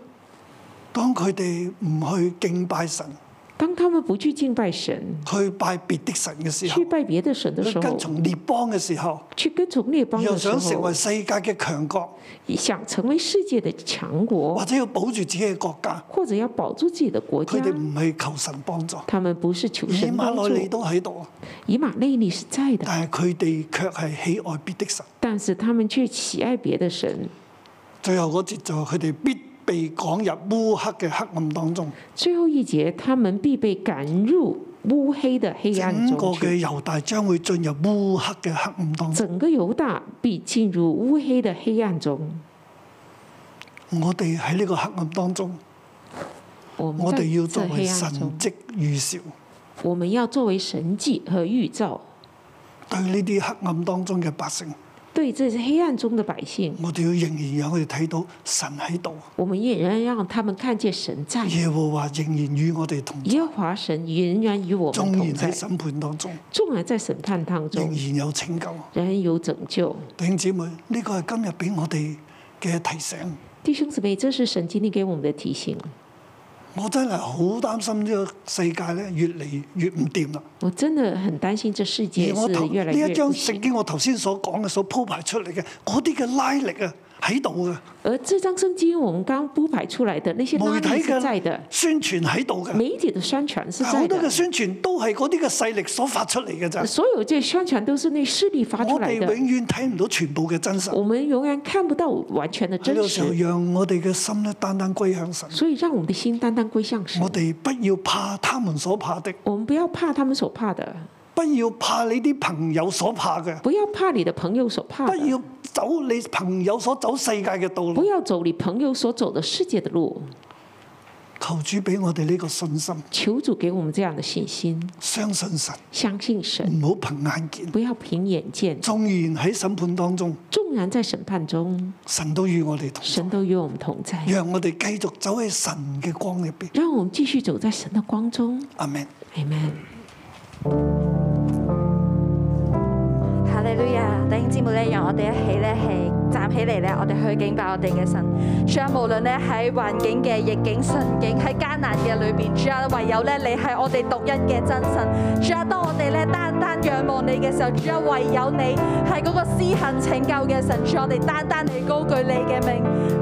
當佢哋唔去敬拜神。當他們不去敬拜神，去拜別的神嘅時候，去拜別的神嘅時候，跟從列邦嘅時候，去跟從列邦。又想成為世界嘅強國，想成為世界嘅強國，或者要保住自己嘅國家，或者要保住自己嘅國家，佢哋唔係求神幫助，他們不是求神幫助。以馬內利都喺度，以馬內利是在的，但係佢哋卻係喜愛別的神，但是他們卻喜愛別的神。最後嗰節就係佢哋必。被趕入烏黑嘅黑暗當中。最後一節，他們必被趕入烏黑嘅黑暗中。整個嘅猶大將會進入烏黑嘅黑暗當中。整個猶大必進入烏黑嘅黑，黑，黑暗中。我哋喺呢個黑暗當中，我哋要作為神跡預兆。我們要作為神跡和預兆，對呢啲黑暗當中嘅百姓。對，這些黑暗中的百姓。我哋要仍然有佢哋睇到神喺度。我們仍然讓他們看見神在。耶和華仍然與我哋同。耶和華神仍然與我們同在。仍然喺審判當中。仍然在審判當中。仍然有拯救。仍有拯救。弟兄姊妹，呢個係今日俾我哋嘅提醒。弟兄姊妹，這是神今天給我們嘅提醒。我真係好擔心呢個世界越嚟越唔掂。我真的很擔心呢世，世界是呢一張食機，我頭先所講嘅，所鋪排出嚟嘅嗰啲嘅拉力啊喺度嘅。而這張聖經，我們剛鋪排出來的那些拉啲係在宣傳喺度嘅。媒體嘅宣傳，好多嘅宣傳都係嗰啲嘅勢力所發出嚟嘅咋。所有即係宣傳都是那勢力發出來嘅。我哋永遠睇唔到全部嘅真實。我哋永遠看不到完全嘅真實。有時候，讓我哋嘅心咧，單單歸向神。所以讓我哋嘅心單單歸向神。我哋不要怕他們所怕的。我們不要怕他們所怕的。不要怕你啲朋友所怕嘅，不要怕你嘅朋友所怕嘅，不要走你朋友所走世界嘅道路，不要走你朋友所走嘅世界的路。求主俾我哋呢個信心，求主給我們這樣嘅信心，相信神，相信神，唔好憑眼見，不要憑眼見。縱然喺審判當中，縱然在審判中，神都與我哋同在，神都與我們同在，讓我哋繼續走喺神嘅光入邊，讓我們繼續走在神嘅光中。阿門，阿門。耶利啊，弟兄姊妹咧，讓我哋一起咧係站起嚟咧，我哋去敬拜我哋嘅神。主啊，無論咧喺環境嘅逆境順境，喺艱難嘅裏邊，主啊，唯有咧你係我哋獨一嘅真神。主啊，當我哋咧單單仰望你嘅時候，主啊，唯有你係嗰個施行拯救嘅神。主，我哋單單地高舉你嘅名。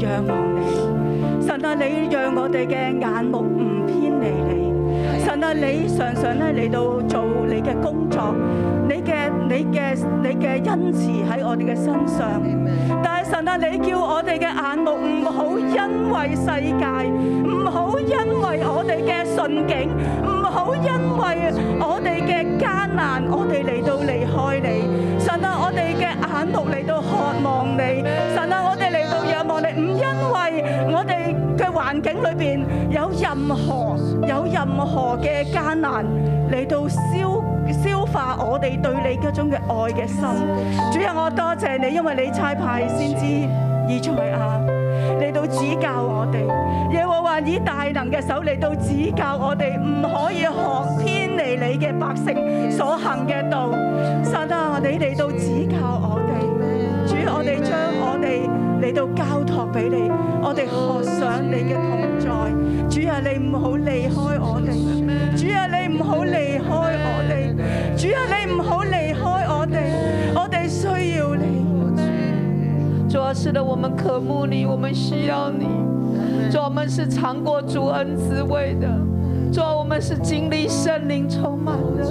仰望你，神啊！你讓我哋嘅眼目唔偏離你，神啊！你常常咧嚟到做你嘅工作，你嘅你嘅你嘅恩賜喺我哋嘅身上。但係神啊！你叫我哋嘅眼目唔好因為世界，唔好因為我哋嘅順境，唔好因為我哋嘅艱難，我哋嚟到離開你。神啊！我哋嘅眼目嚟到渴望你。神啊！我哋。你唔因為我哋嘅環境裏邊有任何有任何嘅艱難嚟到消消化我哋對你嗰種嘅愛嘅心。主啊，我多謝你，因為你差派先知以賽亞，嚟到指教我哋。耶和華以大能嘅手嚟到指教我哋，唔可以學偏離你嘅百姓所行嘅道。神啊，你嚟到指教我。喺度交托俾你，我哋渴想你嘅同在，主啊，你唔好離開我哋，主啊，你唔好離開我哋，主啊，你唔好離開我哋，我哋需要你。主啊，是的，我們渴慕你，我們需要你。主啊，我們是嘗過主恩滋味的，主啊，我們是經歷聖靈充滿的，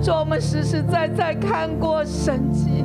主啊，我們實實在在看過神迹。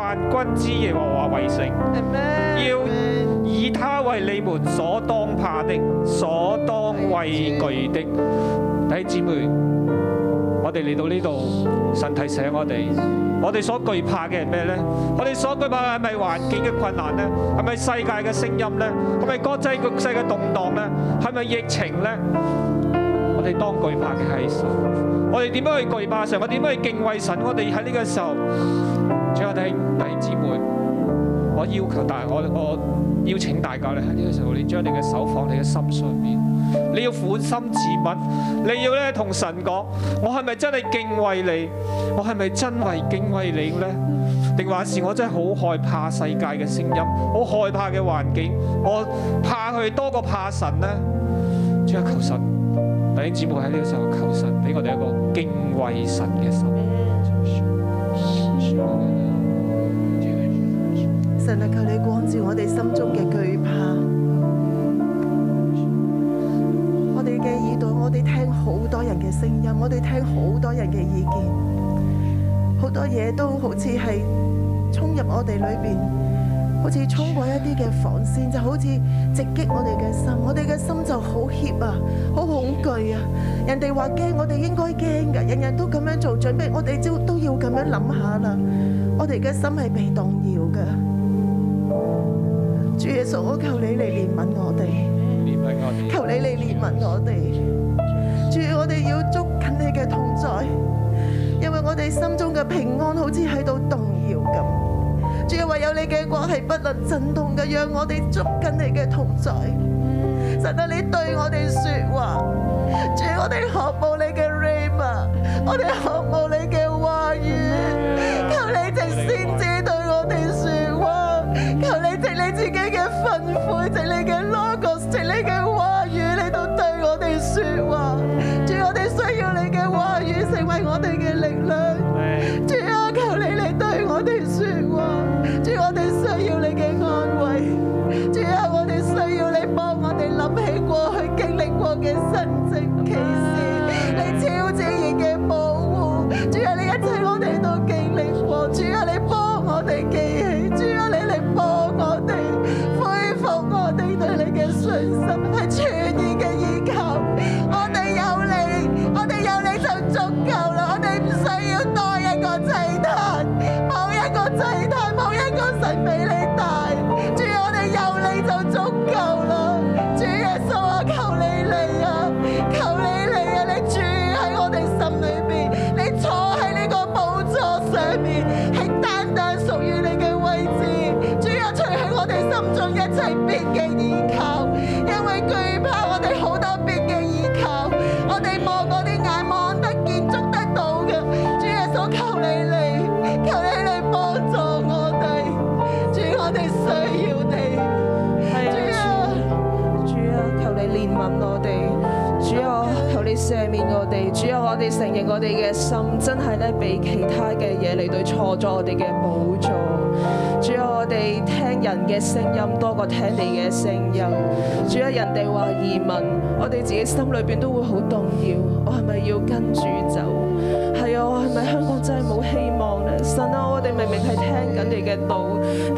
萬軍之耶和華為聖，要以他為你們所當怕的、所當畏懼的。弟兄姊妹，我哋嚟到呢度，神提醒我哋，我哋所懼怕嘅係咩呢？我哋所懼怕係咪環境嘅困難呢？係咪世界嘅聲音呢？係咪國際局勢嘅動盪呢？係咪疫情呢？我哋當懼怕嘅係神，我哋點樣去懼怕神？我點樣去敬畏神？我哋喺呢個時候。弟兄姊妹，我要求大家我我邀請大家咧喺，呢個時候，你將你嘅手放你嘅心上面。你要俯心自問，你要咧同神講，我係咪真係敬畏你？我係咪真係敬畏你咧？定還是我真係好害怕世界嘅聲音，好害怕嘅環境，我怕佢多過怕神呢咧？請求神，弟兄姊妹喺呢個時候求神，俾我哋一個敬畏神嘅心。神啊，求你光照我哋心中嘅懼怕。我哋嘅耳朵，我哋聽好多人嘅聲音，我哋聽好多人嘅意見，好多嘢都好似係沖入我哋裏邊，好似沖過一啲嘅防線，就好似直擊我哋嘅心。我哋嘅心就好怯啊，好恐懼啊。人哋話驚，我哋應該驚噶。人人都咁樣做準備，我哋都都要咁樣諗下啦。我哋嘅心係被動搖噶。主耶穌，我求你嚟憐憫我哋，求你嚟憐憫我哋。主，主主主，我哋要捉緊你嘅同在，因為我哋心中嘅平安好似喺度動搖咁。主，唯有你嘅國係不能震動嘅，讓我哋捉緊你嘅同在。神得你對我哋說話，主我學，我哋渴慕你嘅 n a 啊，我哋渴慕你嘅話語。嗯心真係咧，比其他嘅嘢嚟對錯咗我哋嘅補助。主啊，我哋聽人嘅聲音多過聽你嘅聲音。主啊，人哋話移民，我哋自己心裏邊都會好動搖，我係咪要跟住走？係啊，我係咪香港真係冇希望咧？神啊，我哋明明係聽緊你嘅道。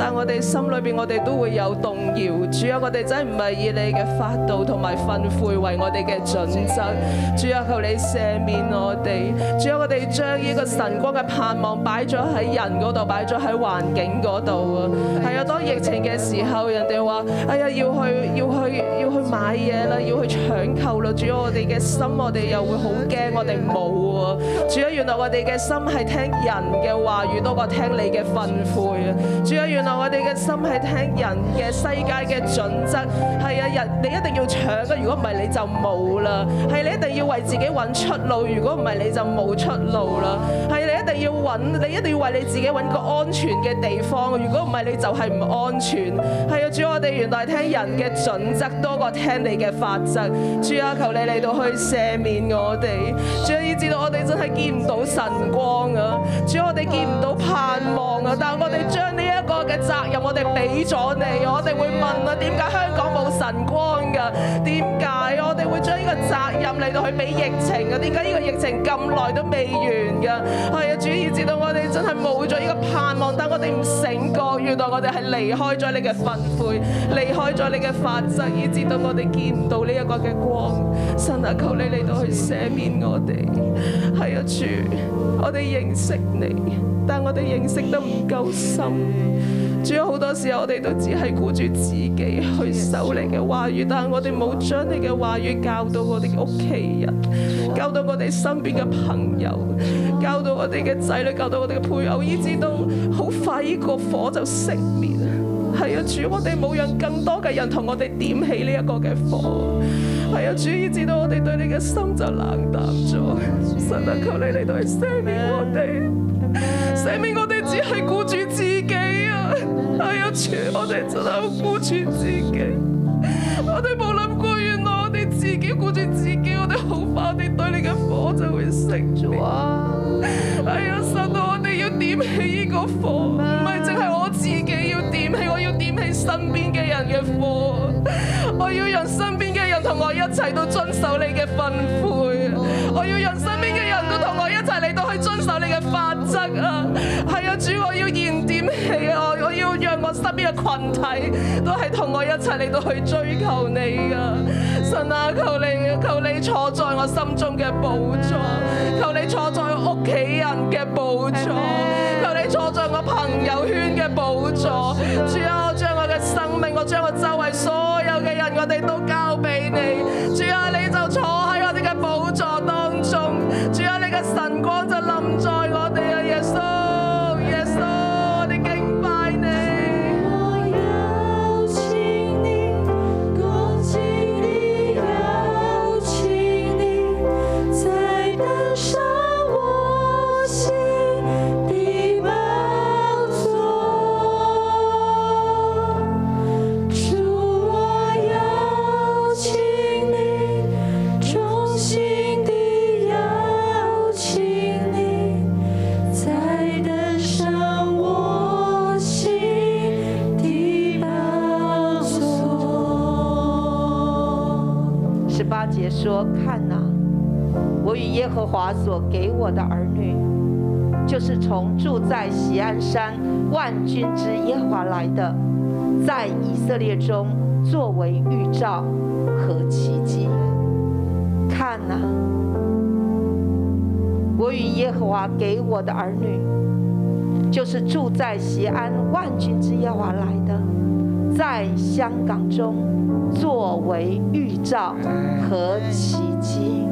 但我哋心裏邊，我哋都會有動搖。主啊，我哋真係唔係以你嘅法度同埋訓誨為我哋嘅準則。主啊，求你赦免我哋。主啊，我哋將呢個神光嘅盼望擺咗喺人度，擺咗喺環境度啊。係啊，當疫情嘅時候，人哋話：哎呀，要去要去要去買嘢啦，要去搶購啦。主啊，我哋嘅心，我哋又會好驚，我哋冇啊。主啊，原來我哋嘅心係聽人嘅話語多過聽你嘅訓誨啊。主啊，原來。我哋嘅心係聽人嘅世界嘅準則，係啊，人你一定要搶啊，如果唔係你就冇啦。係你一定要為自己搵出路，如果唔係你就冇出路啦。係你一定要搵，你一定要為你自己搵個安全嘅地方，如果唔係你就係唔安全。係啊，主，我哋原來聽人嘅準則多過聽你嘅法則。主啊，求你嚟到去赦免我哋。主啊，以致到我哋真係見唔到神光啊！主，我哋見唔到盼望啊！但係我哋將嘅責任我哋俾咗你，我哋會問啊，點解香港冇神光噶？點解？我哋會將呢個責任嚟到去俾疫情噶？點解呢個疫情咁耐都未完噶？係、哎、啊，主，以至到我哋真係冇咗呢個盼望，但我哋唔醒覺，原來我哋係離開咗你嘅憤悔，離開咗你嘅法則，以至到我哋見唔到呢一個嘅光。神啊，求你嚟到去赦免我哋。係、哎、啊，主，我哋認識你。但我哋認識得唔夠深，主，要好多時候我哋都只係顧住自己去收你嘅話語，但係我哋冇將你嘅話語教到我哋屋企人，教到我哋身邊嘅朋友，教到我哋嘅仔女，教到我哋嘅配偶，以至到好快呢個火就熄滅。係啊，主，我哋冇讓更多嘅人同我哋點起呢一個嘅火。係啊，主，以至到我哋對你嘅心就冷淡咗。神啊，求你嚟到赦免我哋。捨命我哋只係顧住自己啊！哎呀主，我哋真係好顧住自己，我哋冇諗過，原來我哋自己顧住自己，我哋好快，我哋對你嘅火就會熄咗啊！哎呀，神啊！要點起呢個火，唔係淨係我自己要點起，我要點起身邊嘅人嘅火，我要讓身邊嘅人同我一齊都遵守你嘅吩咐，我要讓身邊嘅人都同我一齊嚟到去遵守你嘅法則啊！邊個群體都係同我一齊嚟到去追求你啊！神啊，求你，求你坐在我心中嘅寶座，求你坐在我屋企人嘅寶座，求你坐在我朋友圈嘅寶座。座主啊，主啊，我將我嘅生命，我將我周圍所有嘅人，我哋都交俾你。主啊，你。華所給我的兒女，就是從住在錫安山萬軍之耶和華來的，在以色列中作為預兆和奇蹟。看啊，我與耶和華給我的兒女，就是住在錫安萬軍之耶和華來的，在香港中作為預兆和奇蹟。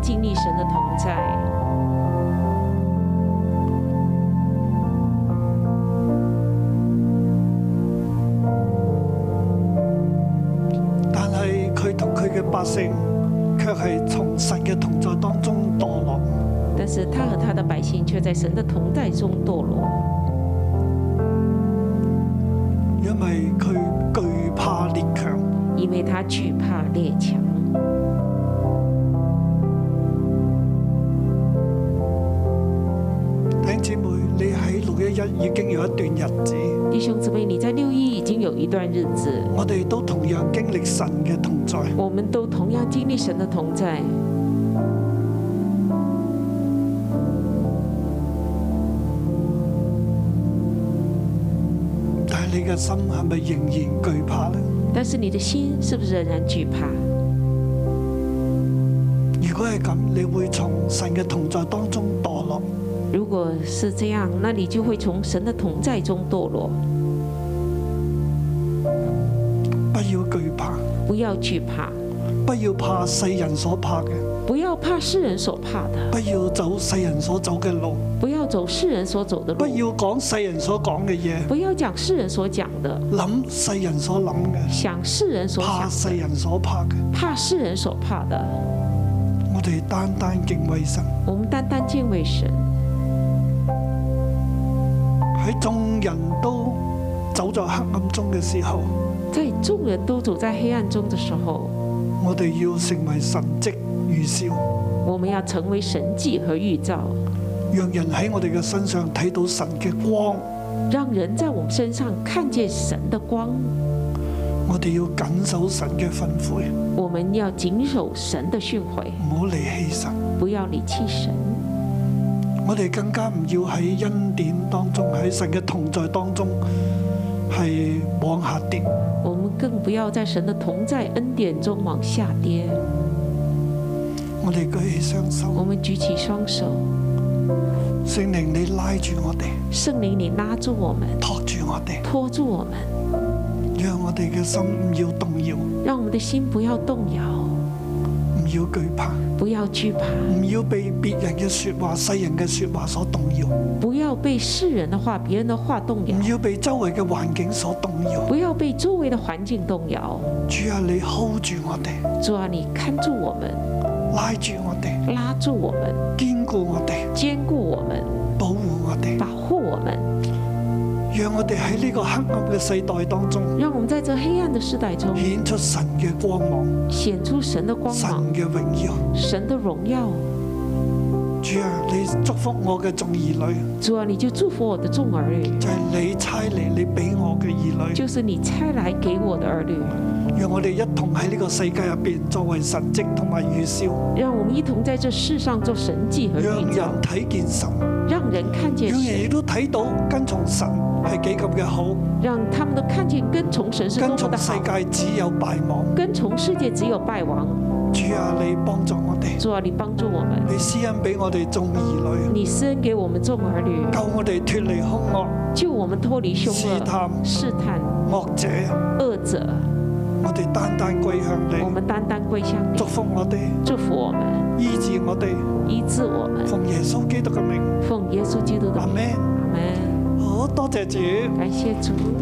經歷神的同在，但係佢同佢嘅百姓，卻係從神嘅同在當中墮落。但是他和他的百姓卻在神的同在中墮落。弟兄姊妹，你在六一已經有一段日子，我哋都同樣經歷神嘅同在，我們都同樣經歷神的同在。但係你嘅心係咪仍然懼怕呢？但是你的心是不是仍然懼怕？如果係咁，你會從神嘅同在當中。如果是這樣，那你就會從神的同在中墮落。不要懼怕。不要懼怕。不要怕世人所怕的。不要怕世人所怕的。不要走世人所走的路。不要走世人所走的路。不要講世人所講的。不要講世人所講的。諗世人所諗的。想世人所。怕世人所怕的。怕世人所怕的。怕世人所怕的。我哋單單敬畏神。我們單單敬畏神。喺眾人都走在黑暗中嘅時候，在眾人都走在黑暗中嘅時候，我哋要成為神跡如兆。我們要成為神跡和預兆，讓人喺我哋嘅身上睇到神嘅光。讓人在我們身上看見神嘅光。我哋要謹守神嘅吩咐。我們要謹守神嘅訓誨。唔好離棄神。不要離棄神。我哋更加唔要喺恩典當中，喺神嘅同在當中，係往下跌。我們更不要在神的同在恩典中往下跌。我哋舉起雙手。我們舉起雙手。聖靈你拉住我哋。聖靈你拉住我們，托住我哋。拖住我們。讓我哋嘅心唔要動搖。讓我們的心不要動搖。唔要懼怕。不要懼怕，不要被別人嘅說話、世人嘅說話所動搖；不要被世人的話、別人的話動搖；不要被周圍嘅環境所動搖；不要被周圍的環境動搖。主啊，你 hold 住我哋，主啊，你看住我們，拉住我哋，拉住我們，堅固我哋，堅固我們。讓我哋喺呢個黑暗嘅世代當中，讓我們在這黑暗嘅世代中顯出神嘅光芒，顯出神嘅光芒，神嘅榮耀，神嘅榮耀。主啊，你祝福我嘅眾兒女。主啊，你就祝福我嘅眾兒女。就係你差嚟，你俾我嘅兒女。就是你差來給我嘅兒女。就是讓我哋一同喺呢個世界入邊作為神迹同埋預兆。讓我們一同在這世上做神迹和預兆。讓人睇見神。讓人看見。讓人亦都睇到跟從神係幾咁嘅好。讓他們都看見跟從神是多麼的好。跟從世界只有敗亡。跟從世界只有敗亡。主啊，你幫助我哋。主啊，你幫助我們。你施恩俾我哋眾兒女。你施恩給我們眾兒女。救我哋脫離凶惡。救我們脫離凶惡。試探。試探。惡者。惡者。我哋單單歸向你，我們單單歸向你，祝福我哋，祝福我們，醫治我哋，醫治我們，奉耶穌基督嘅名，奉耶穌基督嘅名，Amen，Amen，好多謝主，感謝主。